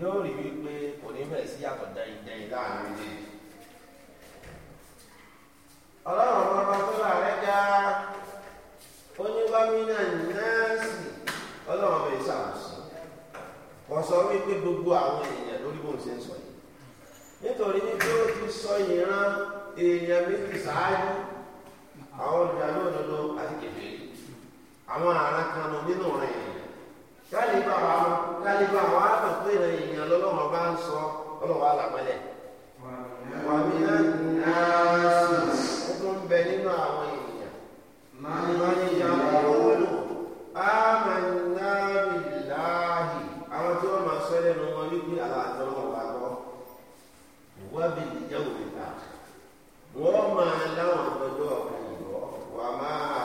yóò rí wípé kò ní bẹ̀rẹ̀ sí yàtọ̀ dẹ́yìndẹ́yìn láàrin méjèèjì. ọlọ́run ọba tó bá rẹ̀ já oníbámínà náàsì ọlọ́run ọba ìṣàkóso kò sọ wípé gbogbo àwọn èèyàn lórí bóun ṣe ń sọ yìí nítorí wípé ó ti sọ ìran èèyàn méjì ṣáájú àwọn olùdarí òdodo àti kèfèrí àwọn àrà kan nínú rẹ̀ yẹn kálíbà wa kálíbà wa mọ̀ pé èèyàn lọ́lọ́wọ́ bá ń sọ ọlọ́wọ́ àlàmọ́lẹ̀. wàmí náà ó tún ń bẹ nínú àwọn èèyàn. máa ń yọ ìyàwó lówó lò á máa ń ná bìláàhì àwọn tí wọ́n máa sọ lẹ́nu wọn wípé àlàáfíà wọn lọ. wọ́n bí ìyàwó mi ta wọ́n máa láwọn ọ̀dọ́jọ́ ọ̀kan ìgbọ́ wà máa.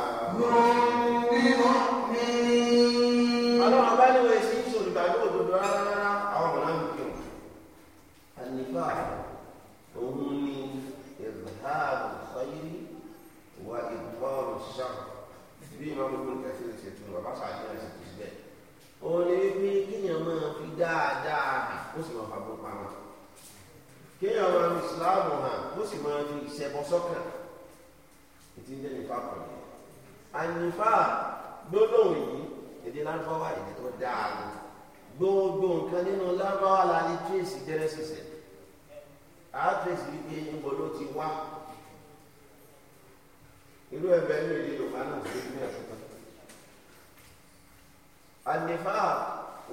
kéèyàn máa fi ìsìláàmù hàn ó sì máa fi ìṣẹ̀bọ̀sọ́kàn ètí ń jẹ́ nípa pọ̀lẹ́ àyìnfà gbólóhùn yìí èdè lárúbáwá èdè tó dáa ni gbogbo nǹkan nínú lárúbáwá la ní tírèsì jẹ́rẹ́sìsì àátírèsì wípé ìbò ló ti wá irú ẹ̀bẹ̀ ní èdè yorùbá náà tó ní ẹ̀fọ́ àyìnfà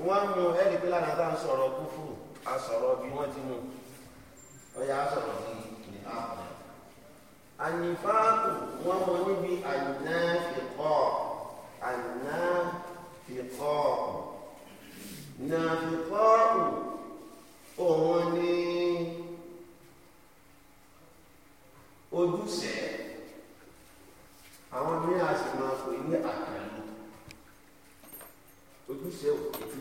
wọn mú ẹnì pé lánàá tá à ń sọ̀rọ̀ kúfù a sọ̀rọ̀ bí wọ́n ti mú un ọ̀yà sọ̀rọ̀ sí ní àpò. ànífàákù wọn mọ níbi àyìnà fìkọ́ àyìnà fìkọ́ nàfìkọ́ òun ni ojúṣe àwọn mìíràn sì máa pè ní àkàlù ojúṣe òkútù.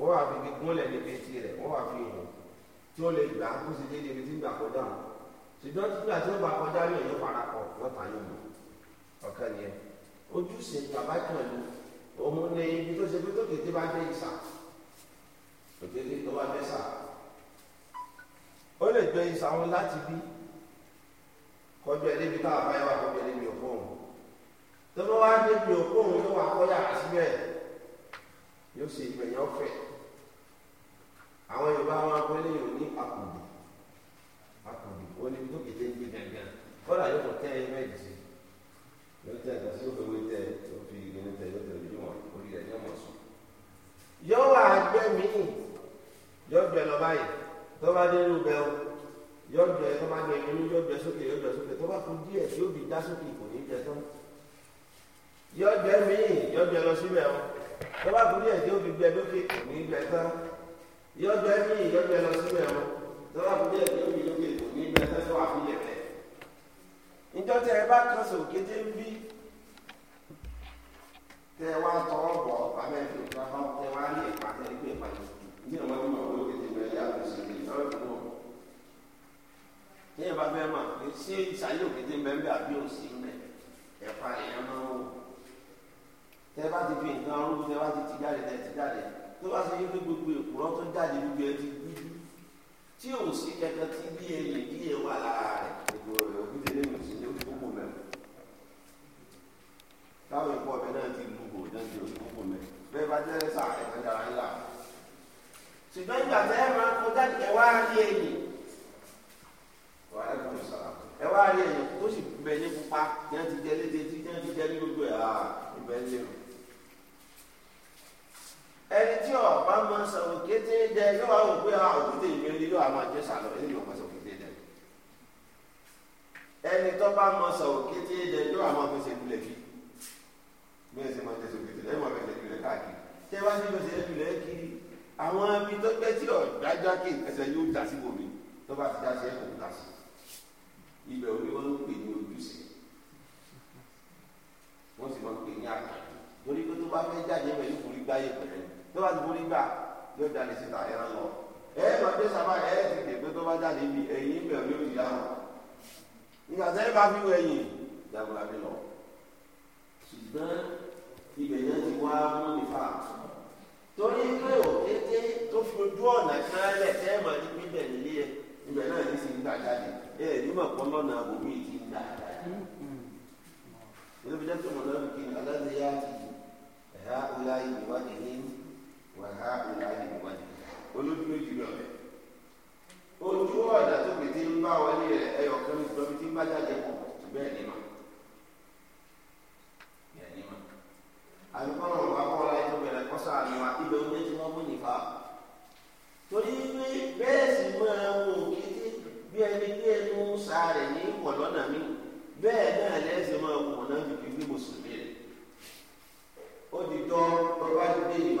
wọ́n wà fi ibi gúnlẹ̀ níbi etí rẹ̀ wọ́n wà fi hàn tí ó lè gbà kó sì déédéé ibi tí ń gbà kọjá wọn ṣùgbọ́n nígbà tí ó gbà kọjá yóò yóò fara kọ wọ́n ta yóò mọ̀ ọ̀kan yẹn ojúṣe bàbá kan lu òun ní ibi tó ṣe pé tó kété bá dé ìsà òkété tó bá dé sà ó lè gbé ìsà wọn láti bí kọjú ẹ níbi tá a bá yẹ wà kọjú ẹ níbi òkú òun tó bá wá níbi òkú òun yóò wà kọjá síbẹ̀ yóò ṣe ìgbẹ̀yìn ọ̀fẹ́ àwọn yorùbá máa pẹ́ lẹ́yìn ní àkùdù àkùdù ó ní tó kété ń gbé gàngàn kọ́lá yóò kọ́ tẹ́ ẹ mẹ́rin sí yóò tẹ́ ẹ̀ka sí òfin wí tẹ́ tó fi ìgbéni tẹ́ yóò tẹ́ ojú wọn orí rẹ̀ yóò mọ̀ sùn. yóò wà gbẹ míì yóò gbẹ lọ báyìí tó bá dé inú bẹ́ẹ̀ yóò gbẹ tó bá gbẹ inú yóò gbẹ sókè yóò gbẹ sókè tó bá kú díẹ̀ yóò fi dá sókè kò ní jẹ tán yóò gbẹ míì yóò gbẹ lọ síbẹ̀ wọn tó bá kú díẹ̀ yóò fi gbẹ lókè kò ní jẹ tán yọjọ ní ìyọjọ lọ sí mẹ́rin lọ́wọ́ àbúrò ẹ̀ yóò fi tó ní ibẹ̀ tẹ́sán wà fún ilẹ̀ níjọ́ tẹ ẹ bá kan sọ kété ń bí tẹ wá tọ́ ọ bọ̀ abẹ́ fi tẹ wá ní ìpàtẹ ní pé ìpàtẹ ní ìwọ́n ní ìwọ́n lókè tó bẹ̀rẹ̀ yá lọ sí ilé lọ́wọ́ fún ní ìbá bẹ́ẹ̀ mà pé ṣé ìsàlẹ̀ òkété ń bẹ́ẹ̀ àbí òsì ń bẹ̀ ẹ̀fà ìyẹn máa wò tẹ bá ti fi nǹkan rú tẹ bá ti ti jáde tẹ ti jáde tó bá ṣe yé pé gbogbo èkùrọ́ tó jáde gbogbo ẹ ti gbígbí tí òun sì kẹkẹ tí bí ẹ lè bí ẹ wà lára rẹ ètò rẹ òkúté nínú sí ní ojú gbogbo mẹ táwọn ẹ̀kọ́ ọbẹ náà ti lúgbò náà ti ojú gbogbo mẹ bẹ́ẹ̀ bá jẹ sá ẹkọ dára ńlá ṣùgbọ́n ìgbà tẹ ẹ máa kọ jáde ẹ wá rí ẹ̀yìn wà á kọ sọ̀rọ̀ ẹ rí ẹ̀yìn tó sì bẹ ní pupa ní ti jẹ léde tí ní ti jẹ ní gbogbo ẹ ibẹ ń lérò tí ọba máa sọ̀rọ̀ kété jẹ yóò wá wò pé àwòkété ah, ìgbé ní yóò máa jẹ sàlọ ẹni yóò máa sọ̀rọ̀ kété jẹ ẹni tó bá máa sọ̀rọ̀ kété jẹ yóò máa fẹsẹ̀ lulẹ̀ fi bí ẹsẹ̀ máa tẹsẹ̀ kété jẹ máa fẹsẹ̀ lulẹ̀ káàkiri tẹ bá ti fẹsẹ̀ lulẹ̀ kiri àwọn ibi tó pẹ́ tí ọ̀dájá kì ẹsẹ̀ yóò dà sí bòmí tó bá ti dá sí ẹ̀kọ́ dà sí ibẹ̀ òní wọn ń pè ní ojúṣe wọ́n sì máa ń pè ní àkàndé torí pé tó bá fẹ́ jáde pẹ̀lú kùrí gbáyé pẹ̀lú tó bá ti mú nígbà yóò jáde síta ẹran lọ ẹ ẹ máa dé sábà ẹ ẹ ti dè pé tó bá jáde ibi ẹyin bẹ̀rù yóò ti dáhùn ìgbà sẹ́yìn bá fi wọ ẹ̀yìn jagunla mi lọ ṣùgbọ́n ibẹ̀ yẹn ti wá mú nípa torí pé òkété tó fi ojú ọ̀nà kan lẹ̀ tẹ́ ẹ̀ máa ní pípẹ̀ nílé ẹ̀ ibẹ̀ náà ní sì ń gbà jáde ẹ̀ ẹ̀ ní màpọ̀ lọ́nà àbòmí ti ń gbà jáde olóbi jẹ́ tó mọ̀ lọ́rùn kí aláṣẹ wàhá ìlànà ìwádìí olójú méjì lọ́rẹ̀ ojú ọ̀dà tó fi ti ń bá wọlé rẹ̀ ẹyọ kan ní ìjọba ti ń bá jáde pọ̀ bẹ́ẹ̀ ni mà bẹ́ẹ̀ ni mà àlùkò náà wà kọ́ láyé tó bẹ̀rẹ̀ kọ́ sáà ni wa ibẹ̀ oúnjẹ tí wọ́n mú nìfà torí pé bẹ́ẹ̀ sì máa wò kété bí ẹni bí ẹnu sáré ní kọ̀lọ́nà mi bẹ́ẹ̀ náà lẹ́sìn máa wò náà fi fi mùsùlùmí rẹ̀ ó di dán bàbá ti dé ìmọ̀.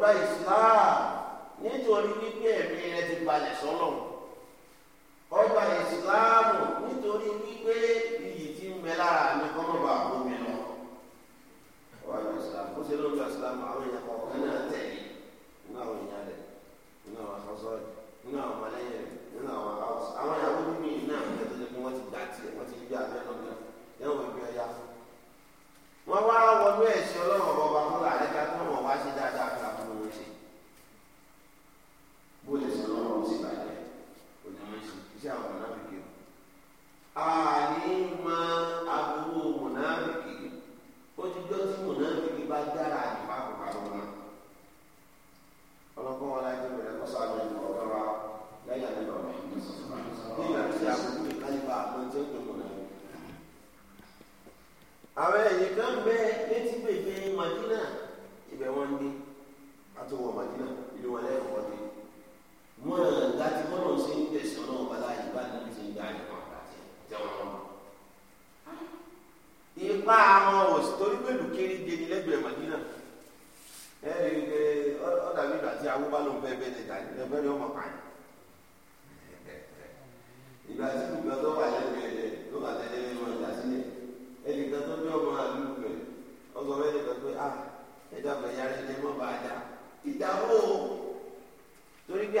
gba islam nítorí wípé ẹ̀mí rẹ ti balẹ̀ sọ́lọ̀ ọgbà islam nítorí wípé iyì ti ń bẹ lára mi kọ́ mọ́ bàá bó mi lọ. ọgbà islam ó ṣe ló islam àwọn èèyàn kọ̀ọ̀kan náà tẹ̀lé nínú àwọn èèyàn rẹ̀ nínú àwọn akọ́sọ́ọ̀dì nínú àwọn ọmọlẹ́yìn rẹ̀ nínú àwọn house àwọn ìyàwó mímí náà ń tẹ̀lé pé wọ́n ti gbà tiẹ̀ wọ́n ti gbé abẹ́ lọ́gbẹ́ yẹn wọ́n gbé ọya. wọ́n wá wọnú ẹ̀sìn ọlọ́run ọ̀bọ̀ba fúnra rẹ̀ ká wọ́n wá sí dáadáa àní mọ aburú mùnàfìkì ó ti gbọ́ tí mùnàfìkì bá dára àdìpá kò bá lọ́wọ́ náà ọlọ́kọ́ wọn láti bẹ̀rẹ̀ kọ́ sáré ọ̀gá wa lẹ́yìn àdìpá wọn nígbà tí àbúrò mi káyọ̀ bá àwọn tí ó gbé mùnàfìkì. àwọn ẹ̀yìn kan bẹ létí gbègbè màdínà ibẹ̀ wọ́n ń dé àtúwọ̀ màdínà ìlú wọn lẹ́yìn ọ̀wọ́ dé jẹun ipa àwọn òsì torí pẹ̀lú kéré gbeni lẹ́gbẹ̀ẹ́ mọ̀dínà ẹ ẹ ọ̀dàbí ìgbà tí awó bá ló ń bẹ́ẹ̀ bẹ́ẹ̀ lẹ́jà ẹgbẹ́ rẹ̀ ọmọ kan ìgbà tí ìgbà tó wà lẹ́gbẹ̀ẹ́ rẹ̀ ló bá tẹ̀lé nínú ọjà sílẹ̀ ẹnìkan tó ní ọmọ àlùkù rẹ̀ ọgbọ̀n ah ẹ̀dá bẹ̀yà rẹ̀ lẹ́mọ̀ bá a dà ìdáwó torí pé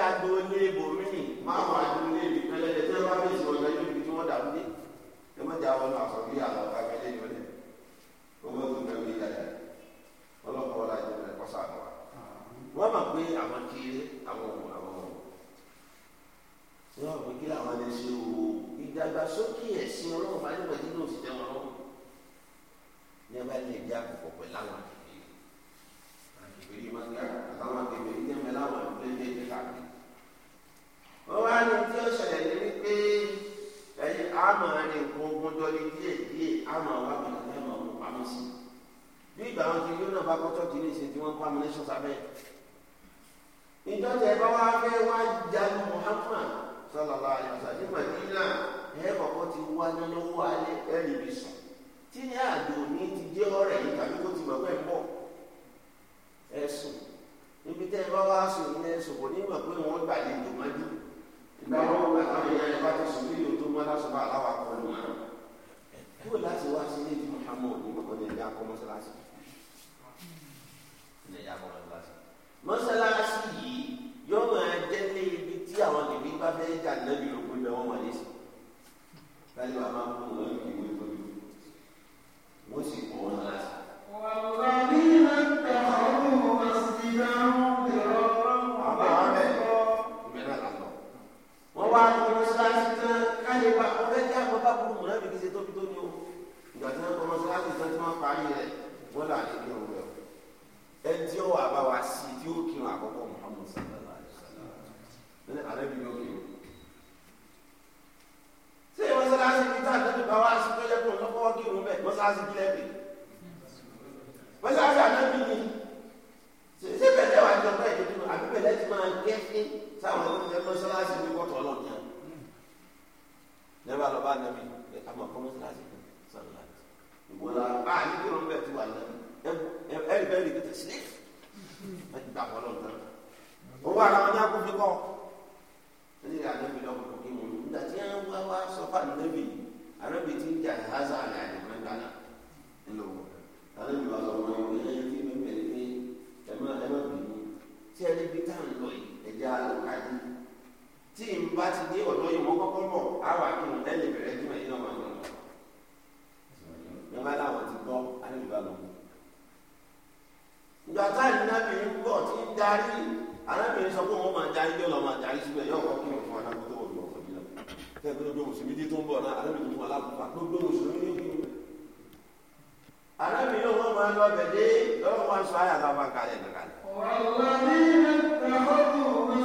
aláburú mùnàbíkí ṣe tóbi tó ní o ìgbà tí wọ́n kọ́mọ síláṣí ìtàn tí wọ́n parí rẹ̀ wọ́n là ní ilé rẹ̀ ẹ tí ó wà bá wa sí tí ó kírun àkọ́kọ́ Muhammad sallallahu alayhi wa sallam ní àlẹ́bí ló kí o. ṣé ìwọ síláṣí ní tá àtẹ́bí bá wá sí tọ́jà kúrò lọ́kọ́ wọ́n síláṣí kílẹ̀ bì wọ́n síláṣí àtẹ́bí ni ṣé bẹ̀rẹ̀ wà sí sáwọn ọmọ ìjọba síláṣí ní kọ́tọ̀ ní bá lọ bá nàbí ẹ àmọ́ kọ́ mọ́sálásí sàlùmá ìwọlá a ní kí wọn bẹ́ẹ̀ ti wà nàbí ẹ ẹ ẹ bẹ́ẹ̀ rí kìtà sílẹ̀ ẹ ti gbà wọ́n lọ́nà owó ara wọn ní akófin kọ́ ẹ ní ìyá nàbí lọ́kọ̀ kò kí mu nígbà tí wọn wá wá sọ́fà nàbí arábì ti ń jà hásà ní àdìmọ́ ìgbàlá ńlọ wọn arábì wà lọ́wọ́ wọn ní ẹni tí mímẹ́rin ní ẹ má ẹ má bìnú tí ẹni bí táwọn lọ yìí ẹ jẹ́ àlọ́ káyé tí n bá ti dé ọ̀dọ́ yìí wọ́n kọ́kọ́ bọ̀ àwọn àdúgbò lẹ́yìn ìbẹ̀rẹ̀ jùmọ̀ yìí náà wà ní ọ̀dọ́. Yọ̀bá làwọn ti gbọ́ alẹ́bíbá lọ. Ìgbà táyì nábì ń bọ̀ tí ń darí arábìnrin sọ pé wọ́n máa darí yóò lọ máa darí síbẹ̀ yóò kọ́ kí wọ́n fún alágbó tó wọ̀ lọ́wọ́ yìí lọ. Fẹ́ẹ́ gbọ́dọ̀ mùsùlùmí tí tó ń bọ̀ náà arábìnrin tó wà lábùkà gbogbo mùsùlùmí ní ìlú. Arábìnrin náà wọ́n máa lọ bẹ̀dẹ́ lọ́wọ́ wọn sọ ayàtọ̀ àbákalẹ̀ nàkàlẹ̀. Wàlúwàlú ni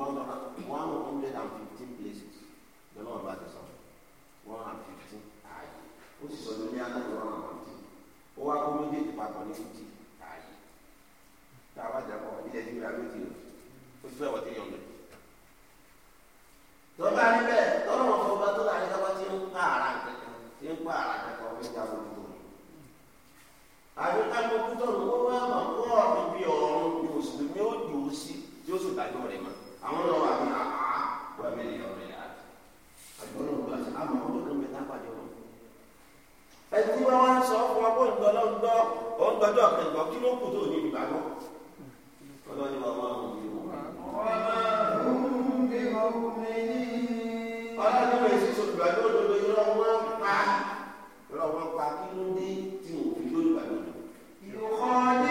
one hundred and fifteen places lọ́wọ́ bá ti sọ one and fifteen ààyè ó sì sọ lórí aláìní one and fifteen ó wá kó méjèèjì papọ̀ ní fifty ààyè tá a bá jà pọ̀ ilẹ̀ tí wíwá méjì ó ti fẹ́ wọ́n ti yọ̀ǹdẹ̀. tọ́ba níbẹ̀ tọ́lọ́mọ fún ọba tó láyé lọ́wọ́ tí ń pa ara kẹ̀kẹ́ tí ń pa ara kẹ̀kẹ́ ọ̀gbìn ìjà gbogbo àbí ká gbogbo tó ń wọ́n wá mọ̀ kó ọ̀rọ̀ ibi ọ̀run ni mùsùlùmí ó dùn ún sí tí ó sì dájọ́ rẹ̀ mọ́ àwọn lọ wà ní àá wà mí lè ọ̀rẹ́ yà á àbí ọlọ́run bá ṣe àmọ́ àwọn olóògbé náà pàjọ lọ. ẹtí wọn wá ń sọ fún ọgbọ́n ìgbọ́ náà ń gbọ́ ó ń gbọ́dọ̀ ọ̀kẹ́ ìgbọ́ kí ló kù tó ní ìgbàgbọ́. ọlọ́ni wọn máa ń bí wọn. ọlọ́ni wọn èsì sọ̀rọ̀ ìgbàgbọ́ ìrọ̀wọ́ pa kí ló dé tí òfin ló dùgbà lọ́dọ̀. ìrọ̀lẹ́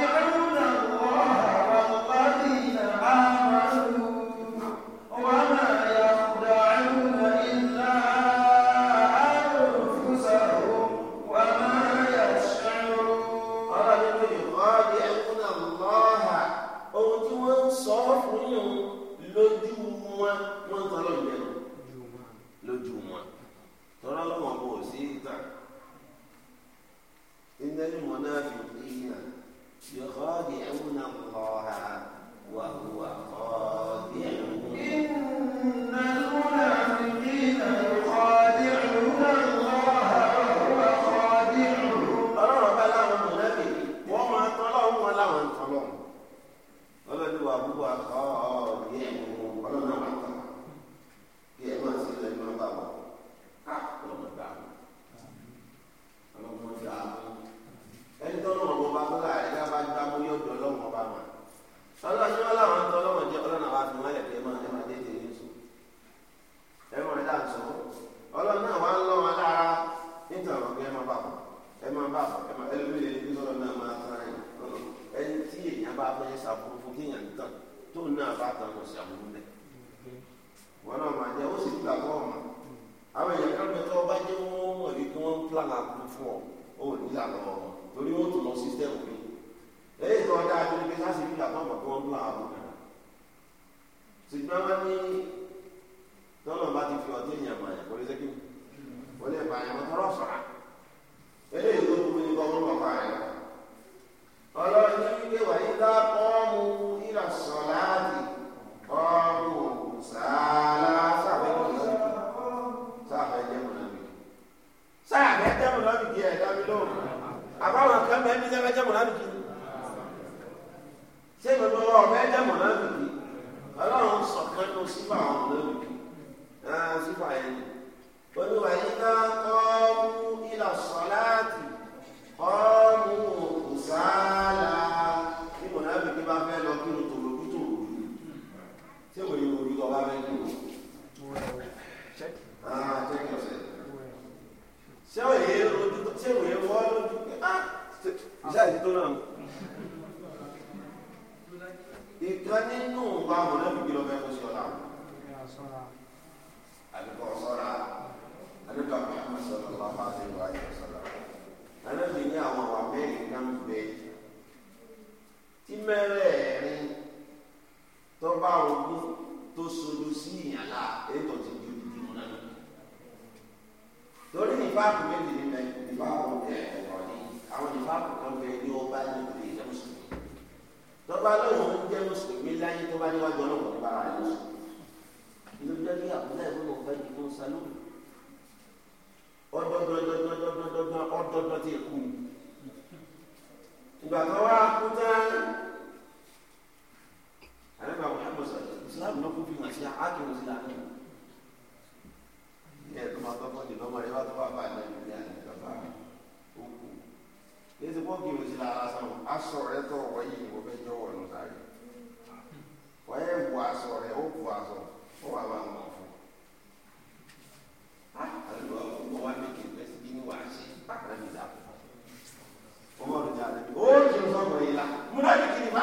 ìmá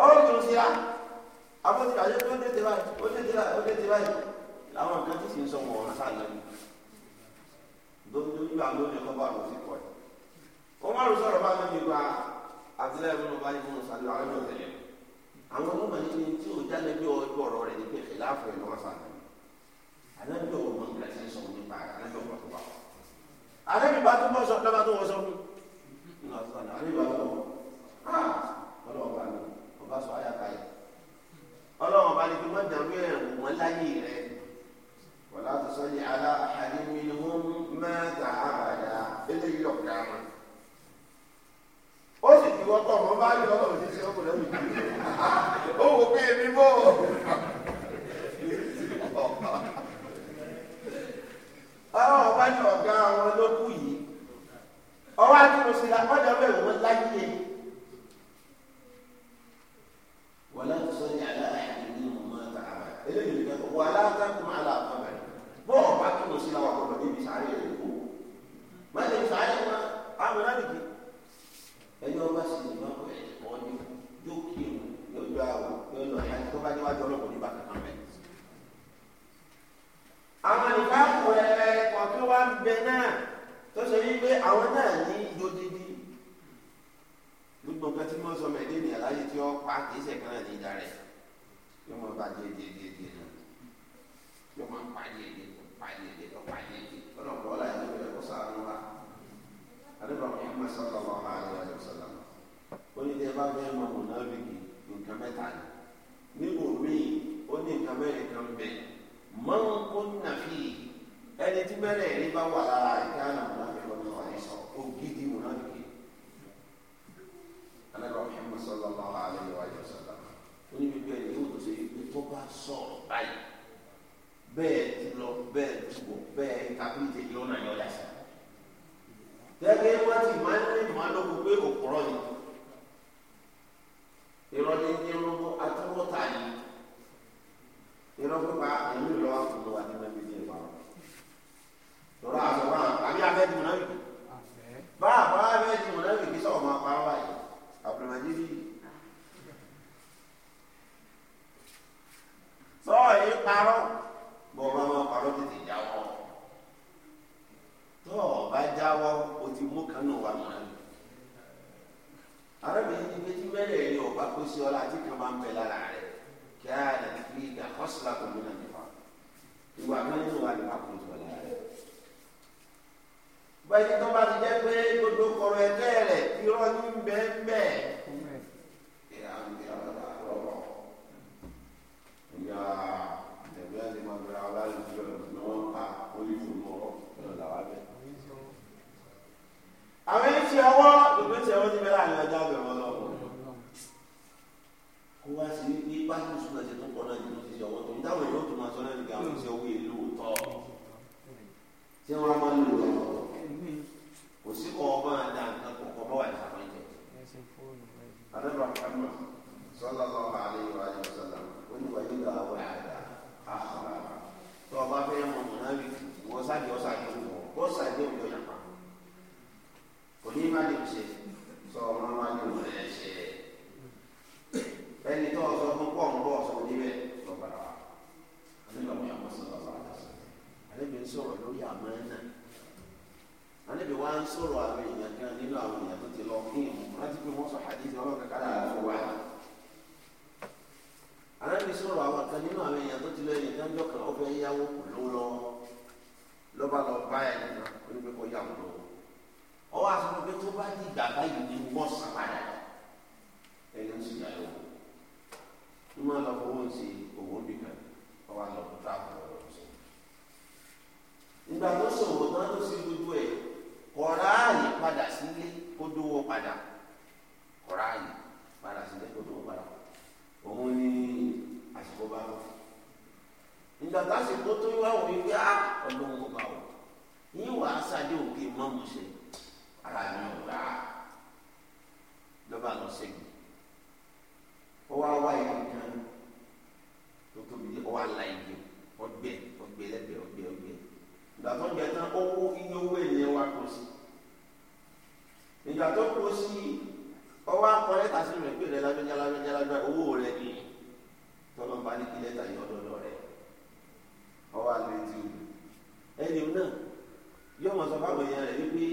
ọ̀rọ̀ tó ti ra abóti àyè tó dé ti báyìí ó dé ti báyìí ó dé ti báyìí làwọn nǹkan tí sì ń sọ wọn ọ̀rọ̀ sáà lẹ́nu lójú àwọn lónìí ọkọ̀ bá lọ sí pọ̀ ẹ̀ wọ́n má lọ sọ̀rọ̀ bá lónìí gba àtìlẹ́yìn fún ọba yìí fún ọ̀sán àwọn ọmọ tẹ̀lé àwọn ọmọ yìí ni tí ò jáde bí ọjọ́ ọ̀rọ̀ rẹ̀ ní pé ìlàáfọ̀ ẹ̀ lọ́wọ́ sáà àdájọ́ tó bá wà. ọlọ́run bá mi ọba sọ ayé àkàlẹ̀ ọlọ́run dàrú ẹ̀ wọ́n láyé rẹ wọ́n láti sọ yìí mi ni wọ́n mẹ́ta àbàdà eléyìí ọ̀gá wọn. ó sì fi wọ́n tọ̀ bá rí ọlọ́run ó wò pé èmi ọ̀gá wọn ló yìí ọwọ́ wàlá tusalli ala ahadin minhum mata abada eléyìí nìkan tó wàlá taqum ala qabri bọ́ọ̀ bá kí mo sí làwọn àkọ́kọ́ níbi sàárè rẹ̀ kú má lè sàárè má àmì rádìgì ẹni ọba sì ní ọkọ ẹ̀ ọ́ ní yóò kí n yóò gba àwọn yóò lọ ẹ̀ tó bá níwájú ọlọ́kùnrin bá kàn mẹ́. àwọn ìbáfọ̀ ẹ̀ kọ̀ọ̀kan wá ń bẹ náà tó ṣe wípé àwọn náà ní yodidi gbogbo nǹkan tí wọ́n sọ ọmọ ẹ̀dẹ́ ènìyàn láyé tí wọ́n pa kì í ṣe kan ní ìdá rẹ̀ yóò máa bá díẹ̀ díẹ̀ díẹ̀ díẹ̀ náà yóò máa pa díẹ̀ díẹ̀ pa díẹ̀ díẹ̀ lọ pa díẹ̀ díẹ̀ lọ́dọ̀ ọ̀pọ̀ ọ̀la ìlú rẹ̀ kó sàánú wa àdébà Muhammad sallallahu alayhi wa sallam ó ní tẹ́ bá fẹ́ mọ mùnàfíkì nǹkan mẹ́ta ni níbo míì ó ní nǹkan mẹ́rin kan bẹ̀ mọ́ ń kó nàfíì ẹni tí mẹ́rẹ̀ẹ̀rin bá wà lára ìkànnì bẹ́ẹ̀ lọ bẹ́ẹ̀ dùbọ̀ bẹ́ẹ̀ kakúlìtì yóò nà yọ̀ dàsí. Gẹ́gẹ́ wá ti máa ń ní màá lọ́kọ̀ pé òpùrọ̀ ni. Ìrọ̀lẹ́ ní ọlọ́mọ atúwọ́ta ni. Ìrọ̀lẹ́ pa ẹ̀mí lọ́wọ́ àkùnrin wa ní mẹ́bí ní ìwà. Lọ́rọ̀ àṣọ wa àbí abẹ́ ti múná bì. Bá àbá abẹ́ ti múná bì kí sọ̀rọ̀ máa parọ́ báyìí. Àbùrùmọ̀jì bí. Sọ̀rọ̀ yìí parọ́ bọ́ ọba máa parọ́ tètè jáwọ́ tọ́ ọba jáwọ́ o ti mú kánú wa mọ́ ẹ. arábìnrin ní méjì mẹ́rẹ̀ ẹ̀rí ọba kó sí ọlá àti kan máa ń bẹ lára rẹ̀ kí á lè fi ìgbà kọ́sílá kò múnà nípa ìwà kan nínú wa nípa kò tó lára rẹ̀. báyìí tó bá ti jẹ́ pé gbogbo kọ̀rọ̀ ẹ̀kẹ́ rẹ̀ irọ́ ní bẹ́ẹ̀. Yeah ìyá ni máa gbẹra ọlá ní ìjọ ní wọn pa olífò ní ọ̀rọ̀ náà làwọn abẹ. àwọn ẹni tí ọwọ́ gbogbo tí ọwọ́ ti bẹ̀rẹ̀ àná ọjà bẹ̀rẹ̀ wọn lọ. mo ṣe ara mi ò gbà á lọ́ba lọ sí mi ó wá wá ìlú kan tó tóbi dé ó wá la ìlú ọgbẹ ọgbẹ lẹgbẹ ọgbẹ ọgbẹ ìgbà tó ń jẹ tán owó iye owó o wa kò sí ìgbà tó kó sí ọwọ́ akọ lẹ́tà sí rẹ̀ pé rẹ̀ lábẹ́já lábẹ́já lábẹ́ owó rẹ̀ ni tọ́lọ́mba ní kí lẹ́tà yọ ọdọ́dọ́ rẹ̀ ọwọ́ àlejò ẹni náà yóò mọ sọ fáwọn èèyàn rẹ wípé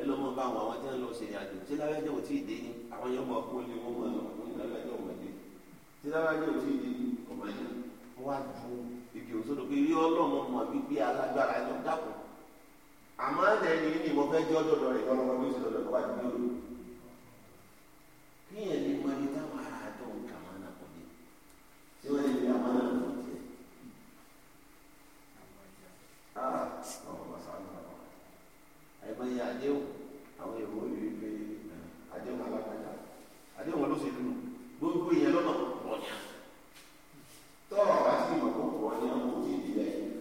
ẹ lọ mọ bá àwọn àwọn tí wọn lọ ṣe ìrìnàjò tí lábẹ́jọ́ ò tí ì dé ní àwọn yóò mọ kó lé wọn mọ àwọn ní lábẹ́jọ́ ò mọ̀ dé tí lábẹ́jọ́ ò tí ì dé ní ọmọ yẹn wọn wá ju ìkè òsodò pé rí ọlọ́mọ mọ̀ wípé alágbára ẹ̀ lọ dàpọ̀ àmọ́ ẹni ní mo fẹ́ jẹ́ ọ̀dọ̀dọ̀ rẹ̀ lọ́wọ́ bí ó ṣe lọ́dọ̀ wá ju kíyàn lè mọ ẹni táwọn ará àtọ̀ nǹkan máa nà kọ́ ni tí wọ́n ẹ̀mọ iye àdéhùn àwọn èrò yìí pé àdéhùn alágbàjá àdéhùn olóṣèlú nù gbogbo ìyẹn lọ́nà kòkòrò ni tọ́ọ̀ bá sì mọ̀ kòkòrò ni àwọn òbí ìdílé yìí.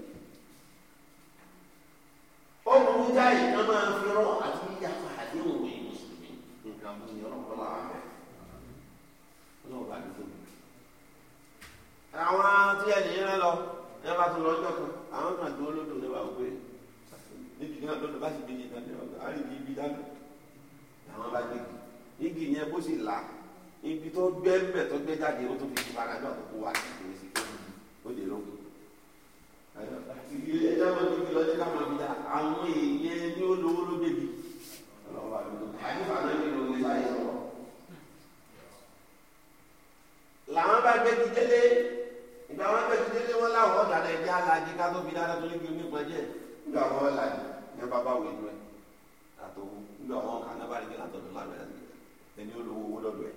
ó burú jáì ká máa fi rán àti yíyàtọ̀ àdéhùn òwe mùsùlùmí nǹkan mú ni ọlọ́pàá làwọn àbẹ̀ ọlọ́pàá àdúgbò àwọn tí ẹnìyẹn lọ ẹ bá tún lọ ọjọ́ kan àwọn kan dúró lódò ní wàá níbi náà lọ́dọ̀ bá sì gbé yìí dáná àríbi ibi dáná làwọn bá gbé igi yẹn bó sì là ibi tó gbẹ́ mbẹ̀ tó gbẹ́ jáde ó tó fi ti fara náà kó wá sí ìgbésí sí kó yìí ó lè lóko. ilé ẹjọ́ máa ń fi lọ́jọ́ ká máa fi dá àwọn èèyàn ní ó lówó ló débi. ọlọ́wọ́ àbí àdúrà náà ní ìlú ìlú ayé lọ. làwọn bá gbé ti délé ìgbà wọn gbé ti délé wọn láwọn ọ̀dà náà ẹ̀jẹ̀ alájí ká tó fi dáná torí kí onígbọ̀n jẹ́ ìgbà bá bá wòye lóye àtò nígbà wọn kà náà bá rí nílà tọdún do, ẹni olówó owó lọ́dọ̀ ẹ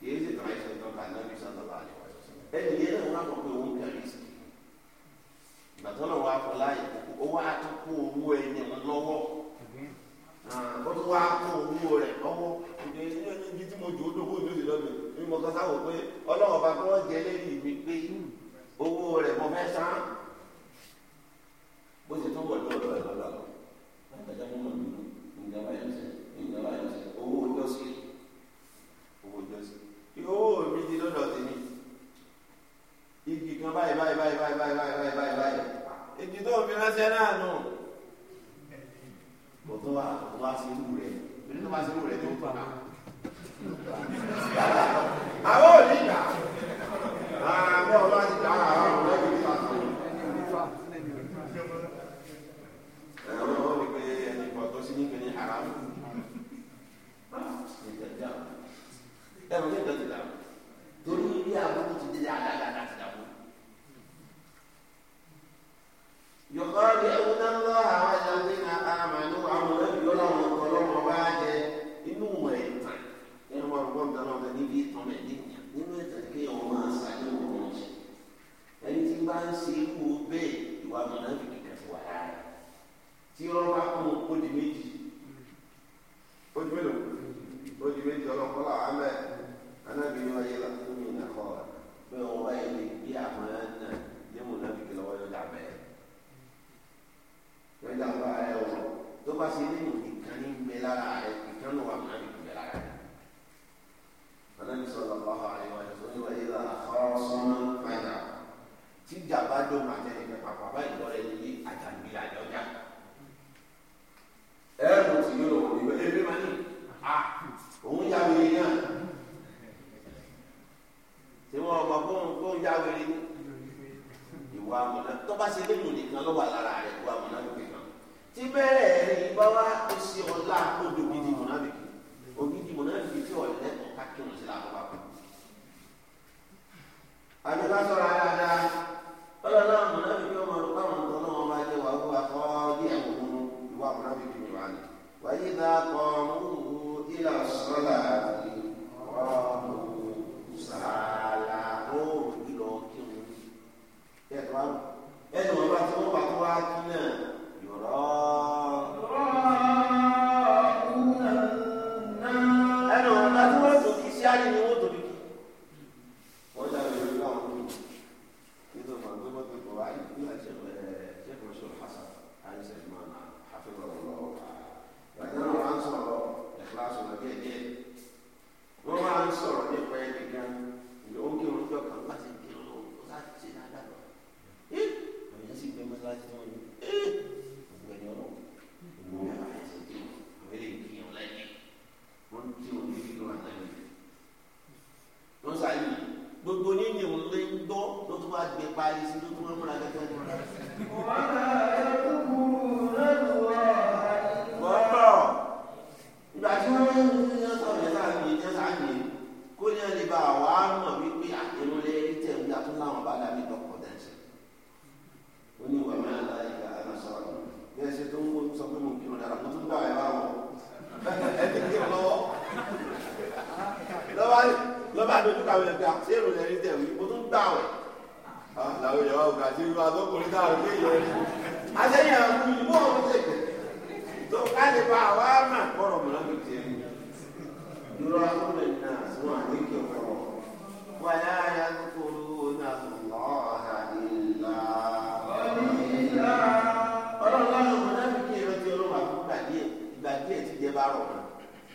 kìí ṣe tàbí ṣe tán kà náà bí sọtọ bá lè wáyé ẹni yẹn náà wọn á kọ pé òun kẹrin sí ìgbà tó náà wà á kọ láàyè ó wà á tún kó owó ẹni lọ́wọ́ ah, ó tún wá kó owó rẹ̀ lọ́wọ́ ìdè ilé ní ibi tí mo jò ó dógó ìdóòdì lọ́dún mi mo kọ sáwọ pé ọlọ́wọ́ bá kọ́ jẹ lẹ́yìn mi pé owó rẹ̀ mo fẹ́ sáà bó ti tún bọ̀ lọ́dọ̀ ẹ̀ lọ́dọ̀ àwọn látàjà mú mọ̀ nínú nǹkan báyìí ń ṣe nǹkan báyìí ń ṣe owó ìjọsí owó owó mi ti lọ́dọ̀ tèmi igi kan báyìí báyìí báyìí báyìí báyìí báyìí báyìí báyìí igi tó fi ránṣẹ́ náà nù kò tó wá kò tó wá sí irú rẹ̀ èyí tó wá sí irú rẹ̀ tó pa àwọn ò ní ìgbà àwọn ọlọ́ọ̀dì gbà àwọn. ẹ̀rọ yẹn gbẹ̀dẹ̀ dà torí ilé àbúrò ti dé dáadáa.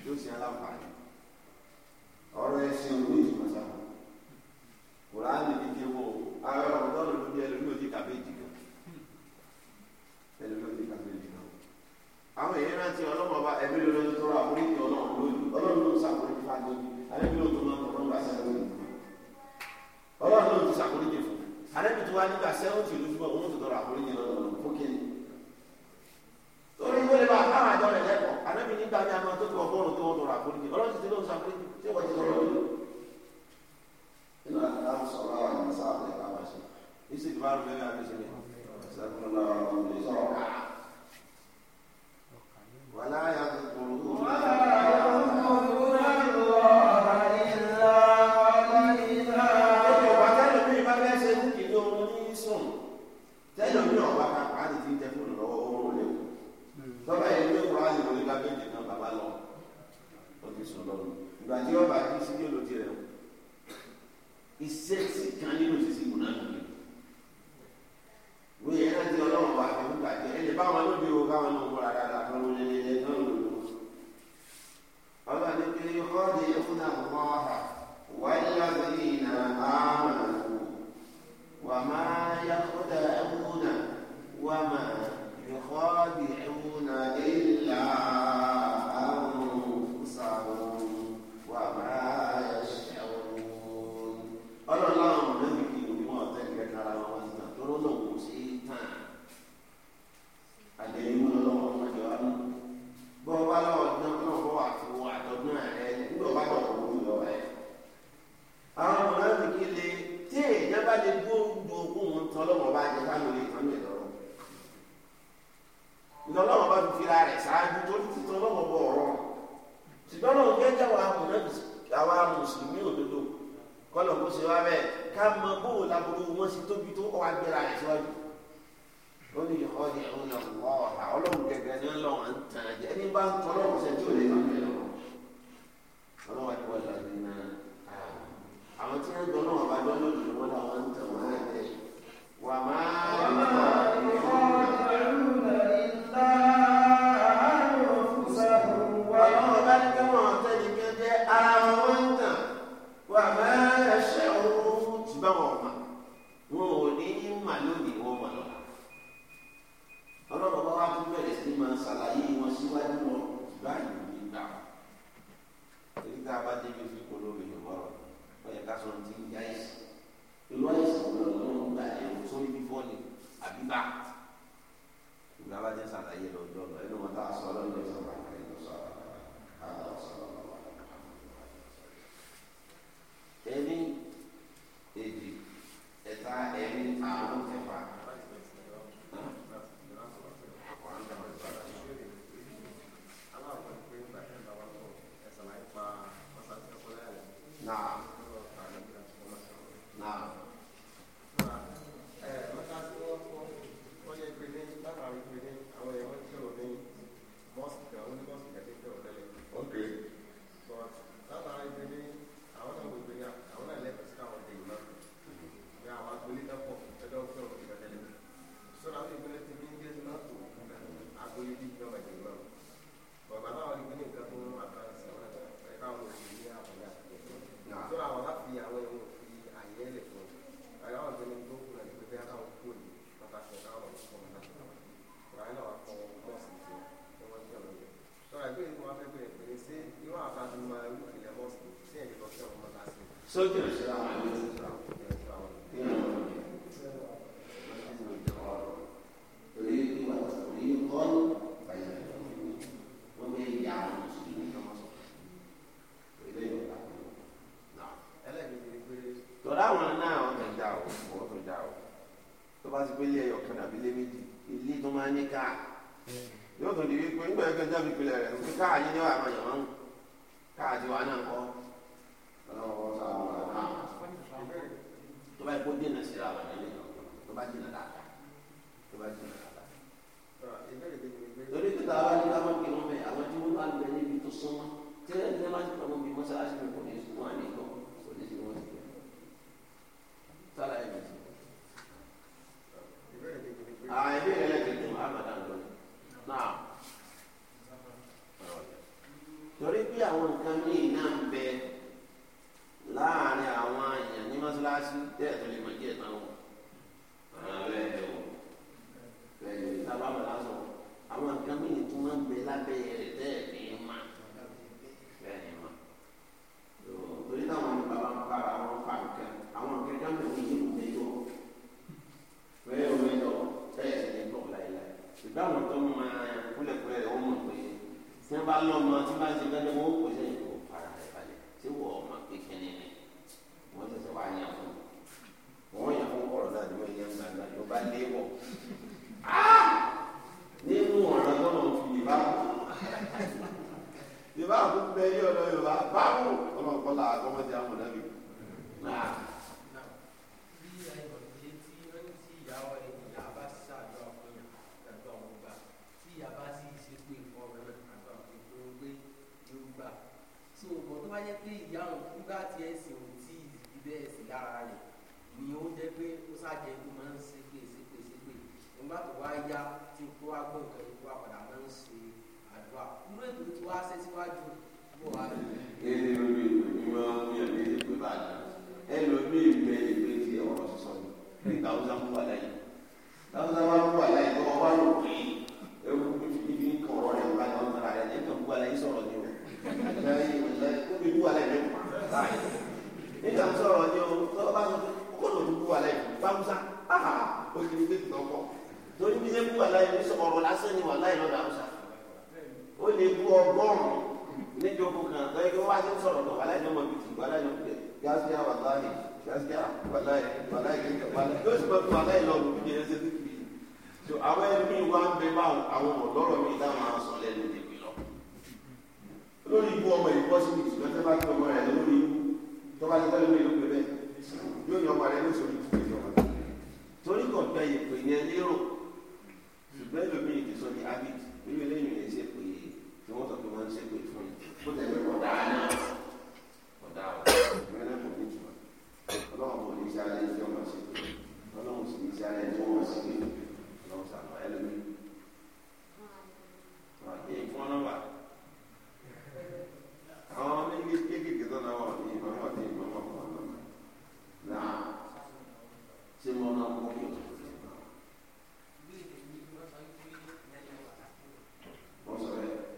有些浪费。jìnnà síra wọn lẹ́yìn tó bá jìnnà dáadáa tó bá jìnnà dáadáa. torí pé tá a bá ní ká máa ń kí wọn bẹ lọ́mọ tí lágbájá ti kó wá gbọ́ nǹkan ìlú wa padà máa ń ṣe àdúrà irú ètò tí wàá ṣe síwájú bó wàá rí. ilé lórí ìwé mímọ́ fúnyàn ní ìpè bá dà ẹ lọ bí ìgbẹ́ ìgbẹ́ ti ọ̀rọ̀ sísọ ní ìgbà wà láyé táwọn wà láyé tó wọ́n wá torí bí sẹ́kù wà láyé ní sọ̀rọ̀ lásán ni wà láyé lọ́dọ̀ àwùsá ó lè bu ọgọ́rùn-ún níjọba kan lọ́yẹ́ kí wọ́n bá ti ń sọ̀rọ̀ lọ wà láyé ọmọ bìtì wà láyé ọmọ bìtì yásíá wà láyé yásíá wà láyé wà láyé kékeré wà láyé yóò sì máa tún wà láyé lọ́rùn bí jẹ́ ẹsẹ̀ níbi tó àwọn ẹni wà ń bẹ báwọn àwọn ọ̀dọ́rọ̀ mi dáhùn àṣọ lẹ́nu débi lọ. lórí ikú ọmọ ìkọ́ sí ibi ìṣúná tẹ́lá bẹ́ẹ̀ lómi ìdí sọ ní habit nínú eléyìí yẹn ṣe pé tí wọ́n sọ pé wọ́n ń ṣe pé fún yìí bó tẹ̀ pé kọ̀dá náà kọ̀dá o ìrìn náà kò ní jùlọ ọlọ́run kò ní sáré tí wọ́n máa ṣe pé ọlọ́run sì ní sáré tí wọ́n máa ṣe pé ọlọ́run sàmọ́ ẹ lómi. èyí fún ọlọ́wà àwọn méjì kéékèèké tó náà wà ní ìmọ̀ ọ̀tí ìmọ̀ ọ̀tí ìmọ̀ Vamos a ver.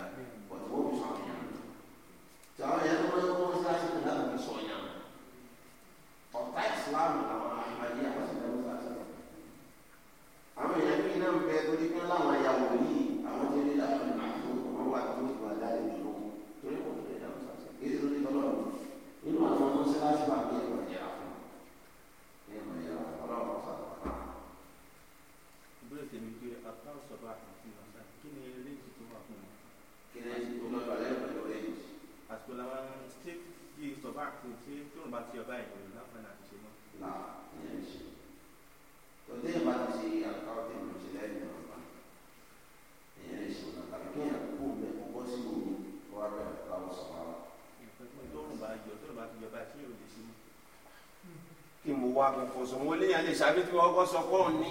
Amen. mùsùlùmí olóyìn alẹ́ ṣàbí tí wọ́n kọ́ sọ pé òun ní